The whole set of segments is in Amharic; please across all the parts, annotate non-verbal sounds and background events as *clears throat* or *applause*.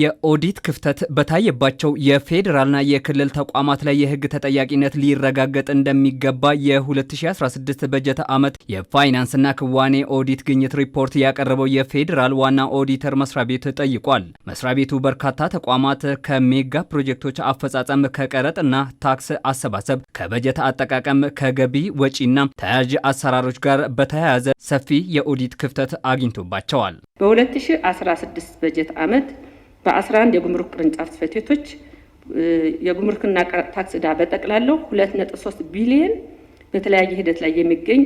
የኦዲት ክፍተት በታየባቸው የፌዴራልና የክልል ተቋማት ላይ የህግ ተጠያቂነት ሊረጋገጥ እንደሚገባ የ2016 በጀት ዓመት የፋይናንስና ክዋኔ ኦዲት ግኝት ሪፖርት ያቀረበው የፌዴራል ዋና ኦዲተር መስሪያ ቤት ጠይቋል። መስሪያ ቤቱ በርካታ ተቋማት ከሜጋ ፕሮጀክቶች አፈጻጸም፣ ከቀረጥና ታክስ አሰባሰብ፣ ከበጀት አጠቃቀም፣ ከገቢ ወጪና ተያዥ አሰራሮች ጋር በተያያዘ ሰፊ የኦዲት ክፍተት አግኝቶባቸዋል። በ2016 በጀት ዓመት በ11 የጉምሩክ ቅርንጫፍ ጽሕፈት ቤቶች የጉምሩክና ታክስ ዕዳ በጠቅላላው 2.3 ቢሊየን በተለያየ ሂደት ላይ የሚገኝ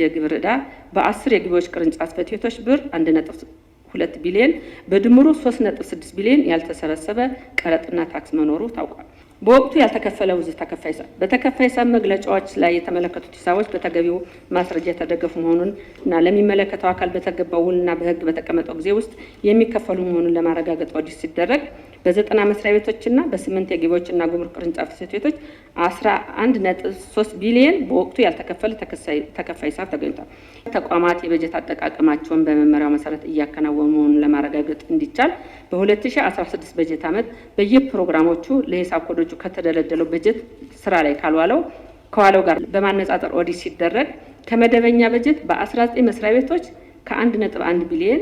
የግብር ዕዳ በ10 የገቢዎች ቅርንጫፍ ጽሕፈት ቤቶች ብር 1.2 ቢሊየን በድምሩ 3.6 ቢሊየን ያልተሰበሰበ ቀረጥና ታክስ መኖሩ ታውቋል። በወቅቱ ያልተከፈለው ውዝ ተከፋይ በተከፋይ ሰብ መግለጫዎች ላይ የተመለከቱት ሂሳቦች በተገቢው ማስረጃ የተደገፉ መሆኑን እና ለሚመለከተው አካል በተገባው ውልና በህግ በተቀመጠው ጊዜ ውስጥ የሚከፈሉ መሆኑን ለማረጋገጥ ኦዲት ሲደረግ በዘጠና መስሪያ ቤቶችና በስምንት የገቢዎችና ጉምሩክ ቅርንጫፍ ጽሕፈት ቤቶች አስራ አንድ ነጥብ ሶስት ቢሊየን በወቅቱ ያልተከፈለ ተከፋይ ሂሳብ ተገኝቷል። ተቋማት የበጀት አጠቃቀማቸውን በመመሪያው መሰረት እያከናወኑ መሆኑን ለማረጋገጥ እንዲቻል በ2016 በጀት ዓመት በየፕሮግራሞቹ ለሂሳብ ኮዶቹ ከተደለደለው በጀት ስራ ላይ ካልዋለው ከዋለው ጋር በማነጻጸር ኦዲት ሲደረግ ከመደበኛ በጀት በ19 መስሪያ ቤቶች ከ1.1 ቢሊየን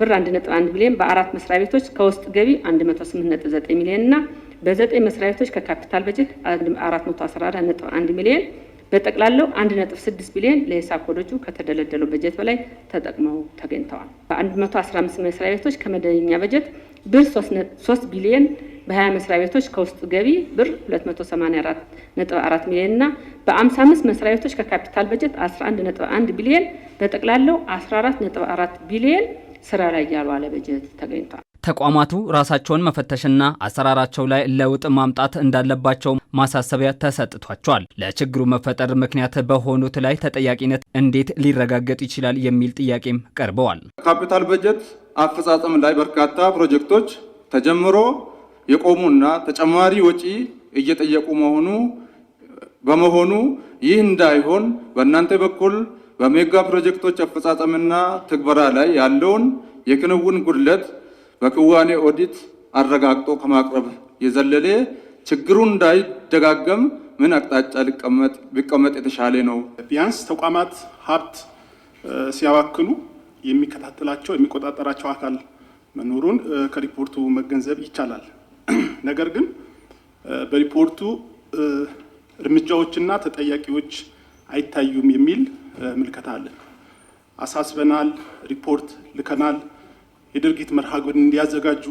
ብር 1.1 ቢሊዮን በአራት መስሪያ ቤቶች ከውስጥ ገቢ 108.9 ሚሊዮን እና በዘጠኝ መስሪያ ቤቶች ከካፒታል በጀት 411.1 ሚሊዮን በጠቅላላው 1.6 ቢሊዮን ለሂሳብ ኮዶቹ ከተደለደለው በጀት በላይ ተጠቅመው ተገኝተዋል። በ115 መስሪያ ቤቶች ከመደበኛ በጀት ብር 3 ቢሊዮን በ20 መስሪያ ቤቶች ከውስጥ ገቢ ብር 284.4 ሚሊዮን እና በ55 መስሪያ ቤቶች ከካፒታል በጀት 11.1 ቢሊዮን በጠቅላላው 14.4 ቢሊዮን ስራ ላይ ያልዋለ በጀት ተገኝቷል። ተቋማቱ ራሳቸውን መፈተሽና አሰራራቸው ላይ ለውጥ ማምጣት እንዳለባቸው ማሳሰቢያ ተሰጥቷቸዋል። ለችግሩ መፈጠር ምክንያት በሆኑት ላይ ተጠያቂነት እንዴት ሊረጋገጥ ይችላል የሚል ጥያቄም ቀርበዋል። ካፒታል በጀት አፈጻጸም ላይ በርካታ ፕሮጀክቶች ተጀምሮ የቆሙና ተጨማሪ ወጪ እየጠየቁ መሆኑ በመሆኑ ይህ እንዳይሆን በእናንተ በኩል በሜጋ ፕሮጀክቶች አፈጻጸምና ትግበራ ላይ ያለውን የክንውን ጉድለት በክዋኔ ኦዲት አረጋግጦ ከማቅረብ የዘለለ ችግሩን እንዳይደጋገም ምን አቅጣጫ ቢቀመጥ የተሻለ ነው? ቢያንስ ተቋማት ሀብት ሲያባክኑ የሚከታተላቸው የሚቆጣጠራቸው አካል መኖሩን ከሪፖርቱ መገንዘብ ይቻላል። *clears throat* ነገር ግን በሪፖርቱ እርምጃዎችና ተጠያቂዎች አይታዩም የሚል ምልከታ አለ። አሳስበናል፣ ሪፖርት ልከናል። የድርጊት መርሃ እንዲያዘጋጁ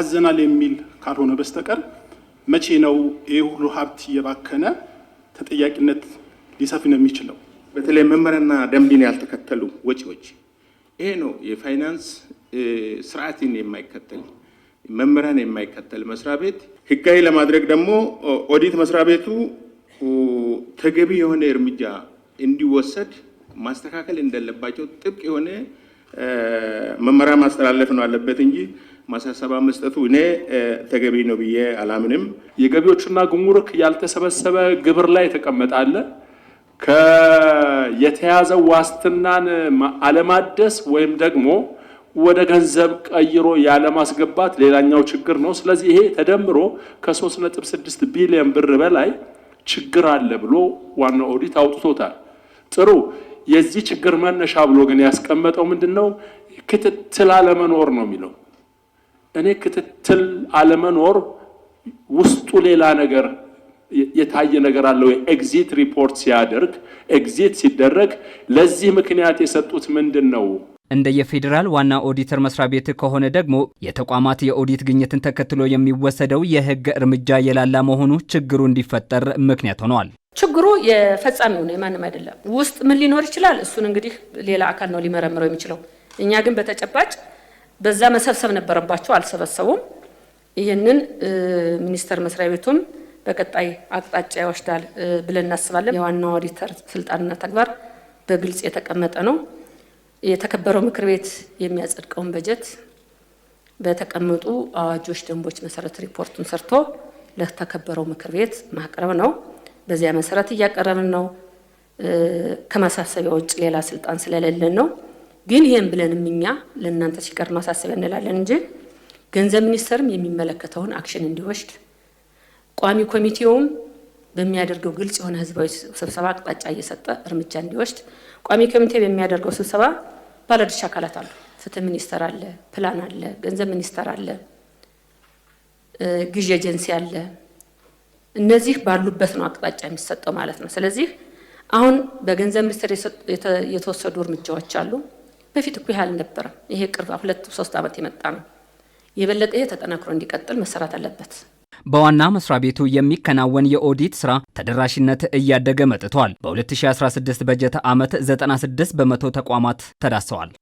አዘናል የሚል ካልሆነ በስተቀር መቼ ነው ይህ ሁሉ ሀብት እየባከነ ተጠያቂነት ሊሰፍን የሚችለው? በተለይ መመሪያና ደንብን ያልተከተሉ ወጪዎች ይሄ ነው የፋይናንስ ስርዓትን የማይከተል መመሪያን የማይከተል መስሪያ ቤት ህጋዊ ለማድረግ ደግሞ ኦዲት መስሪያ ቤቱ ተገቢ የሆነ እርምጃ እንዲወሰድ ማስተካከል እንዳለባቸው ጥብቅ የሆነ መመሪያ ማስተላለፍ ነው አለበት እንጂ ማሳሰባ መስጠቱ እኔ ተገቢ ነው ብዬ አላምንም። የገቢዎችና ጉምሩክ ያልተሰበሰበ ግብር ላይ ተቀመጣለ አለ። የተያዘው ዋስትናን አለማደስ ወይም ደግሞ ወደ ገንዘብ ቀይሮ ያለማስገባት ሌላኛው ችግር ነው። ስለዚህ ይሄ ተደምሮ ከ3.6 ቢሊዮን ብር በላይ ችግር አለ ብሎ ዋናው ኦዲት አውጥቶታል። ጥሩ የዚህ ችግር መነሻ ብሎ ግን ያስቀመጠው ምንድን ነው? ክትትል አለመኖር ነው የሚለው። እኔ ክትትል አለመኖር ውስጡ ሌላ ነገር የታየ ነገር አለው። ኤግዚት ሪፖርት ሲያደርግ ኤግዚት ሲደረግ ለዚህ ምክንያት የሰጡት ምንድን ነው? እንደ የፌዴራል ዋና ኦዲተር መስሪያ ቤት ከሆነ ደግሞ የተቋማት የኦዲት ግኝትን ተከትሎ የሚወሰደው የሕግ እርምጃ የላላ መሆኑ ችግሩ እንዲፈጠር ምክንያት ሆኗል። ችግሩ የፈጻሚው ነው፣ የማንም አይደለም። ውስጥ ምን ሊኖር ይችላል? እሱን እንግዲህ ሌላ አካል ነው ሊመረምረው የሚችለው። እኛ ግን በተጨባጭ በዛ መሰብሰብ ነበረባቸው፣ አልሰበሰቡም። ይህንን ሚኒስቴር መስሪያ ቤቱም በቀጣይ አቅጣጫ ይወስዳል ብለን እናስባለን። የዋና ኦዲተር ስልጣንና ተግባር በግልጽ የተቀመጠ ነው። የተከበረው ምክር ቤት የሚያጸድቀውን በጀት በተቀመጡ አዋጆች፣ ደንቦች መሰረት ሪፖርቱን ሰርቶ ለተከበረው ምክር ቤት ማቅረብ ነው። በዚያ መሰረት እያቀረብን ነው። ከማሳሰቢያ ውጭ ሌላ ስልጣን ስለሌለን ነው። ግን ይህን ብለንም እኛ ለእናንተ ሲቀር ማሳሰቢያ እንላለን እንጂ ገንዘብ ሚኒስቴርም የሚመለከተውን አክሽን እንዲወስድ ቋሚ ኮሚቴውም በሚያደርገው ግልጽ የሆነ ህዝባዊ ስብሰባ አቅጣጫ እየሰጠ እርምጃ እንዲወስድ ቋሚ ኮሚቴ በሚያደርገው ስብሰባ ባለድርሻ አካላት አሉ። ፍትህ ሚኒስቴር አለ፣ ፕላን አለ፣ ገንዘብ ሚኒስቴር አለ፣ ግዢ ኤጀንሲ አለ እነዚህ ባሉበት ነው አቅጣጫ የሚሰጠው ማለት ነው። ስለዚህ አሁን በገንዘብ ሚኒስቴር የተወሰዱ እርምጃዎች አሉ። በፊት እኮ ይህ አልነበረም። ይሄ ቅርብ ሁለት ሶስት ዓመት የመጣ ነው። የበለጠ ይሄ ተጠናክሮ እንዲቀጥል መሰራት አለበት። በዋና መስሪያ ቤቱ የሚከናወን የኦዲት ስራ ተደራሽነት እያደገ መጥቷል። በ2016 በጀት ዓመት 96 በመቶ ተቋማት ተዳሰዋል።